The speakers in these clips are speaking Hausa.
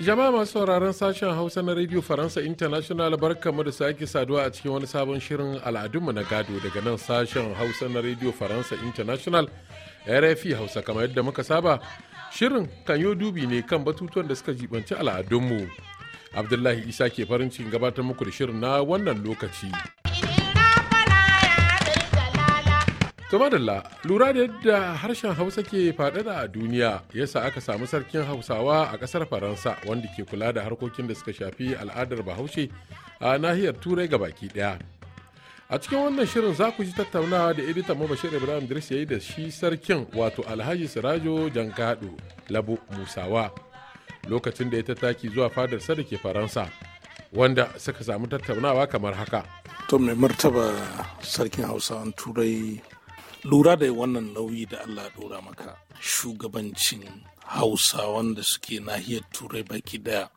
Jama'a masu sauraron sashen Hausa na Radio Faransa International barkamu da sake saduwa a cikin wani sabon shirin al'adunmu na gado daga nan sashen Hausa na Radio Faransa International RFI Hausa kamar yadda muka saba. Shirin kan yi dubi ne kan batutuwan da suka jibanci al'adunmu. Abdullahi Isa ke farin cikin gabatar muku da shirin na wannan lokaci. la lura da yadda harshen Hausa ke faɗaɗa a duniya yasa aka samu sarkin Hausawa a ƙasar Faransa wanda ke kula da harkokin da suka shafi al'adar Bahaushe a nahiyar Turai ga baki ɗaya. A cikin wannan shirin za ku ji tattaunawa da editan Mabashir Ibrahim Idris ya yi da shi sarkin wato Alhaji Sirajo Jankaɗo Labo Musawa lokacin da ya tattaki zuwa fadar da ke Faransa wanda suka samu tattaunawa kamar haka. To mai martaba sarkin Hausawan Turai lura da wannan nauyi da Allah dora maka shugabancin hausa wanda suke nahiyar turai baki daya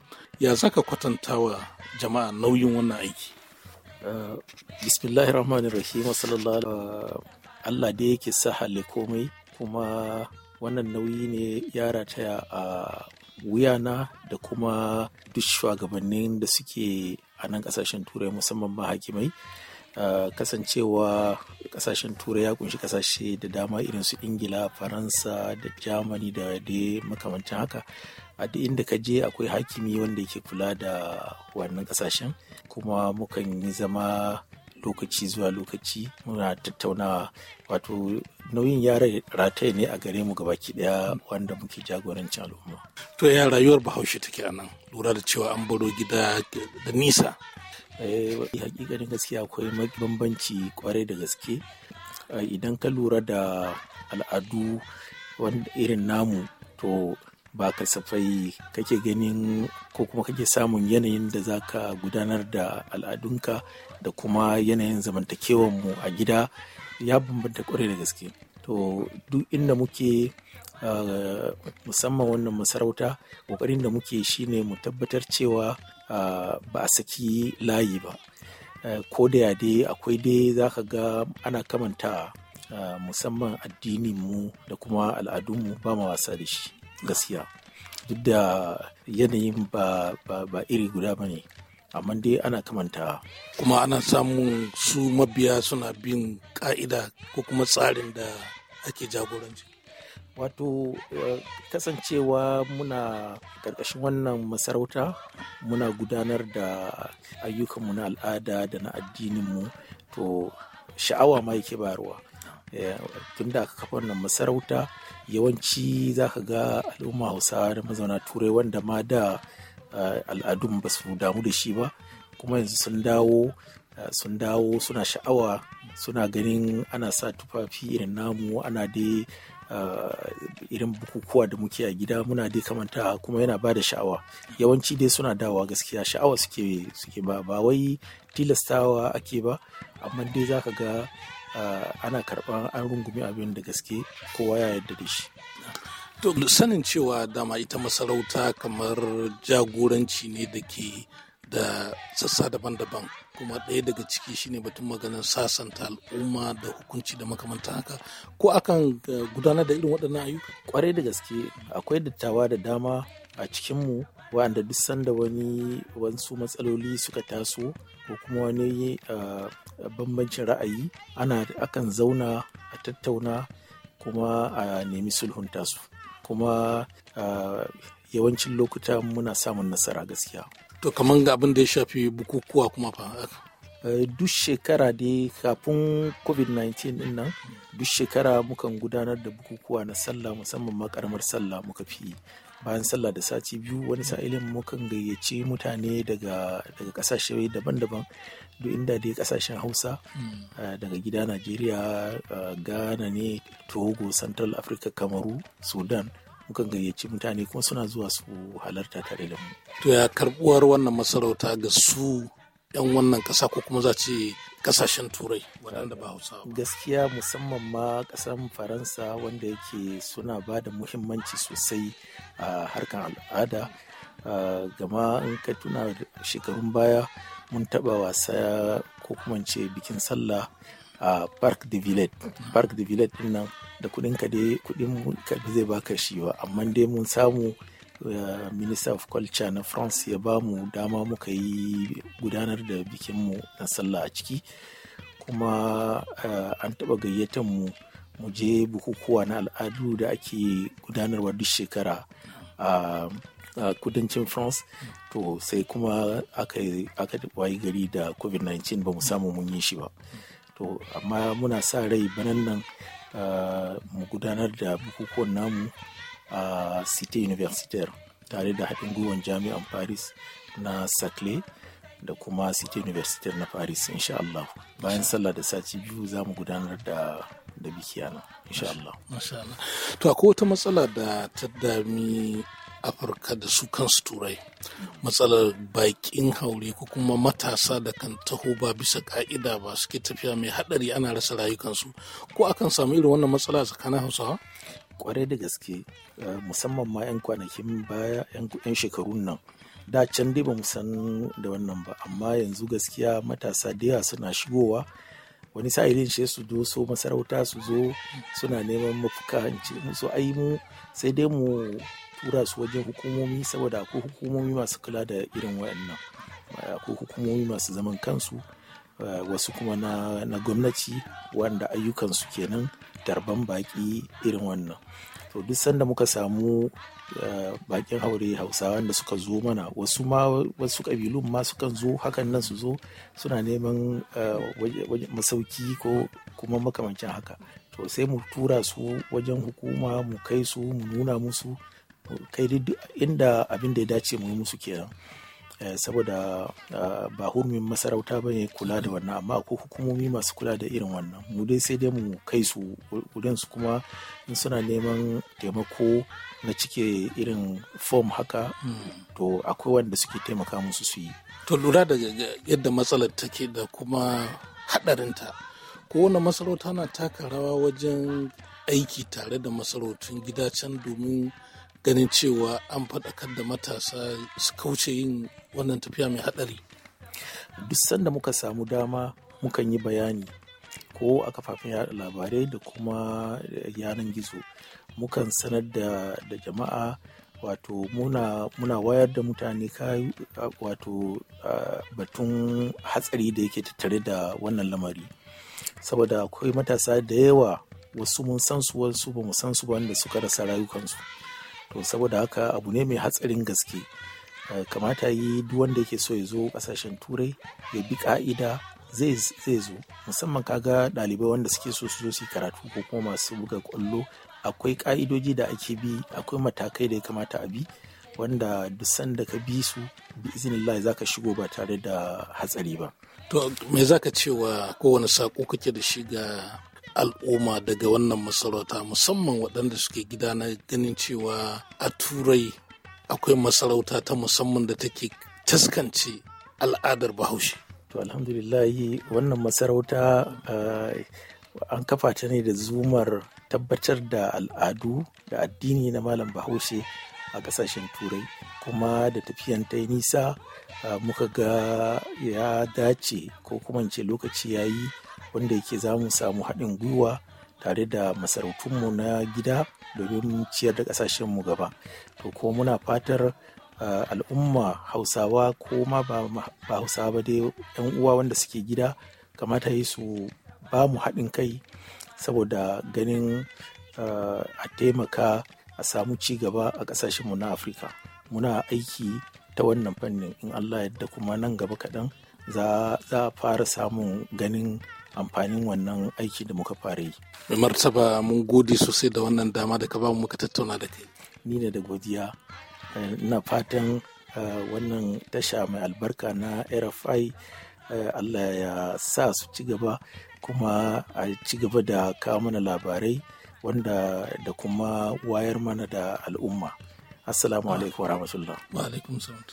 ya zaka kwatantawa jama'a nauyin wannan aiki eh, bismillahirrahmanirrahim sallallahu alaihi sallallahu Allah da yake sa halle komai kuma wannan nauyi ne ya rataya a wuyana da kuma duk shugabannin da suke a nan kasashen turai musamman ma hakimai eh, kasancewa kasashen turai ya kunshi kasashe da dama irin su ingila faransa da germany da dai makamancin haka a duk inda ka je akwai hakimi wanda yake kula da wannan kasashen kuma mukan yi zama lokaci zuwa lokaci muna tattaunawa wato nauyin yara rataye ne a gare mu gabaki daya wanda muke jagorancin al'umma to ya rayuwar bahaushe take a nan lura da cewa an baro gida da nisa Eh, hakikanin gaskiya akwai mabambanci kwarai da gaske eh, idan ka lura da al'adu wanda irin namu to ba kasafai kake ganin ko kuma kake samun yanayin da za ka gudanar da al'adunka da kuma yanayin zamantakewanmu a gida ya bambanta kwarai da gaske to duk inda muke Eh, musamman wannan masarauta ƙoƙarin da muke ne mu tabbatar cewa ah, ba a saki layi ba eh, ko da ya dai akwai dai za ka ga ana kamanta ah, musamman addinin mu da kuma al'adunmu ba ma wasa da shi gaskiya duk da yanayin ba, iri guda ba ne amma dai ana kamanta kuma ana samun su mabiya suna bin ka'ida ko kuma tsarin da ake jagoranci wato eh, kasancewa muna ƙarƙashin wannan masarauta muna gudanar da ayyukanmu na al'ada da na addininmu to sha'awa ma yake bayarwa eh, tun da aka kafa wannan masarauta yawanci za ka ga al'umma hausawa da mazauna turai wanda ma da eh, al'adun ba su damu da shi ba kuma yanzu sun dawo sun dawo suna sha'awa suna ganin ana sa tufafi irin namu ana dai ah, irin bukukuwa da muke a gida muna dai kamanta kuma yana ba da sha'awa yawanci dai suna dawa gaskiya sha'awa suke ba ba wai tilastawa ake ba amma dai za ka ga ah, ana karɓar an rungumi abin da gaske kowa ya yarda da shi to sanin cewa dama ita masarauta kamar jagoranci ne da ke da sassa daban-daban kuma ɗaya daga ciki shine batun maganin sasanta al'umma da hukunci da makamanta haka ko akan eh, gudanar da irin waɗannan ayyuka kwarai da gaske akwai dattawa da dama a cikinmu wa'anda duk sanda wani wasu matsaloli suka taso ko kuma wani eh, bambancin ra'ayi ana akan zauna a tattauna kuma a nemi sulhunta su kuma eh, yawancin lokuta muna samun nasara gaskiya to kamar ga abin da ya shafi bukukuwa kuma fa eh, duk shekara dai kafin covid-19 din nan duk shekara mukan gudanar da bukukuwa na sallah musamman makaramar sallah muka fi bayan sallah da sati biyu wani sa'ilin mukan gayyace mutane daga daga kasashe daban-daban duk inda dai kasashen hausa hmm. eh, daga gida najeriya eh, ghana ne togo central africa kamaru sudan mukan gayyaci mutane kuma suna zuwa su halarta tare da mu. To ya karbuwar wannan masarauta ga su 'yan wannan ƙasa ko kuma za ce ƙasashen turai waɗanda ba hausawa gaskiya musamman ma ƙasar faransa wanda yake suna ba da muhimmanci sosai a harkar al'ada gama in ka tuna shekarun baya mun taɓa wasa ko kuma ce bikin sallah a park de villette park de villette din nan da kudin ka dai kudin ka zai baka shi ba amma dai mun samu eh, minister of culture na france ya ba mu dama muka yi gudanar da bikinmu na sallah a ciki kuma eh, an taɓa gayyatar mu mu je bukukuwa na al'adu da ake gudanarwa duk shekara a kudancin france to sai kuma aka waye gari da covid-19 ba mu samu mun yi shi ba to amma muna sa rai banan nan ah, mu gudanar da bukukuwan namu a city universitaire tare da haɗin gwiwan jami'an paris na sacle da kuma city universitaire na paris insha Allah bayan sallah da sati biyu za mu gudanar da da biki nan insha Allah to akwai wata matsala da ta dami afirka da su kansu turai matsalar bakin haure ko kuma matasa da kan taho ba bisa ka'ida ba suke tafiya mai haɗari ana rasa rayukansu ko akan samu irin wannan matsala tsakanin hausawa kwarai da gaske eh, musamman ma 'yan kwanakin baya 'yan shekarun nan da can dai ba mu san da wannan ba amma yanzu gaskiya matasa da yawa suna shigowa wani sa'ilin shi su do so masarauta su zo suna neman mafuka hanci musu ai mu sai dai mu tura su wajen hukumomi saboda akwai hukumomi masu kula da irin waɗannan eh, akwai hukumomi masu zaman kansu Eh, wasu kuma na, gwamnati wanda ayyukansu kenan darban baki irin wannan to duk sanda muka samu eh, bakin haure hausawa da suka zo mana wasu ma wasu kabilun ma sukan zo hakan nan su zo suna neman eh, masauki ko kuma makamancin haka to sai mu tura su wajen hukuma mu kai su mu nuna musu kai duk inda abin da ya dace mu musu kenan Eh, saboda eh, ba hurumin masarauta ba ne kula da wannan amma ko hukumomi masu kula da irin wannan mu dai sai dai mu kai su wurin su kuma in suna neman taimako na cike irin fom haka hmm. to akwai wanda suke taimaka musu su yi to lura da yadda matsalar take da kuma haɗarinta kowane masarauta na taka rawa wajen aiki tare da masarautun gida can domin ganin cewa an faɗakar da matasa su kauce yin wannan tafiya mai haɗari duk sanda muka samu dama mukan yi bayani ko a kafafen yada labarai da kuma yanan gizo mukan sanar da, jama'a wato muna, wayar da mutane kayu wato batun hatsari da yake tattare da wannan lamari saboda akwai matasa da yawa wasu mun san su wasu ba mu san su ba wanda suka rasa rayukansu to saboda haka abu ne mai hatsarin gaske eh, kamata yi duk wanda yake so ya zo kasashen turai ya bi ka'ida zai zo musamman kaga ɗalibai wanda suke so su zo su karatu ko kuma masu buga kwallo akwai ka'idoji da ake bi akwai matakai da ya kamata a bi wanda duk sanda ka bi su bi izinin za ka shigo ba tare da hatsari ba. To me za ka ce wa kowane sako kake da shi ga al'umma daga wannan masarauta musamman waɗanda suke gida na ganin cewa a turai akwai masarauta ta musamman da take taskance al'adar bahaushe to alhamdulillahi wannan masarauta eh, an kafa ta ne da zumar tabbatar da al'adu da addini na malam bahaushe a kasashen turai kuma da tafiyan ta nisa eh, muka ga ya dace ko kuma ce lokaci ya yi wanda yake za mu samu haɗin gwiwa tare da masarautunmu na gida domin ciyar da mu gaba to ko muna fatar ah, al'umma hausawa ko ma ba hausawa ba dai yan uwa wanda suke gida kamata yi su ba mu haɗin kai saboda ganin ah, a taimaka a samu ci gaba a ƙasashenmu na afirka muna aiki ta wannan fannin in allah yadda kuma nan gaba kaɗan za a fara samun ganin amfanin wannan aiki da muka fara yi. martaba mun gode sosai da wannan dama da ka bamu muka tattauna da kai. Ni ne da godiya eh, na fatan eh, wannan tasha mai albarka na RFI eh, Allah ya sa su ci gaba kuma a ci gaba da kawo mana labarai wanda da kuma wayar mana da al'umma. Assalamu alaikum wa rahmatullah. Wa alaikum salam.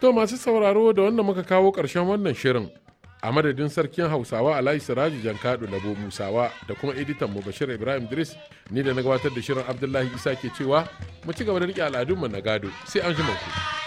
To masu sauraro da wannan muka kawo ƙarshen wannan shirin. A madadin sarkin Hausawa a Alhaji Siraji Jankadu bo Musawa da kuma editan mu Bashir Ibrahim dris ni da na gabatar da shirin Abdullahi Isa ke cewa mu ci gaba da riƙe al'adunmu na gado sai an ji ku.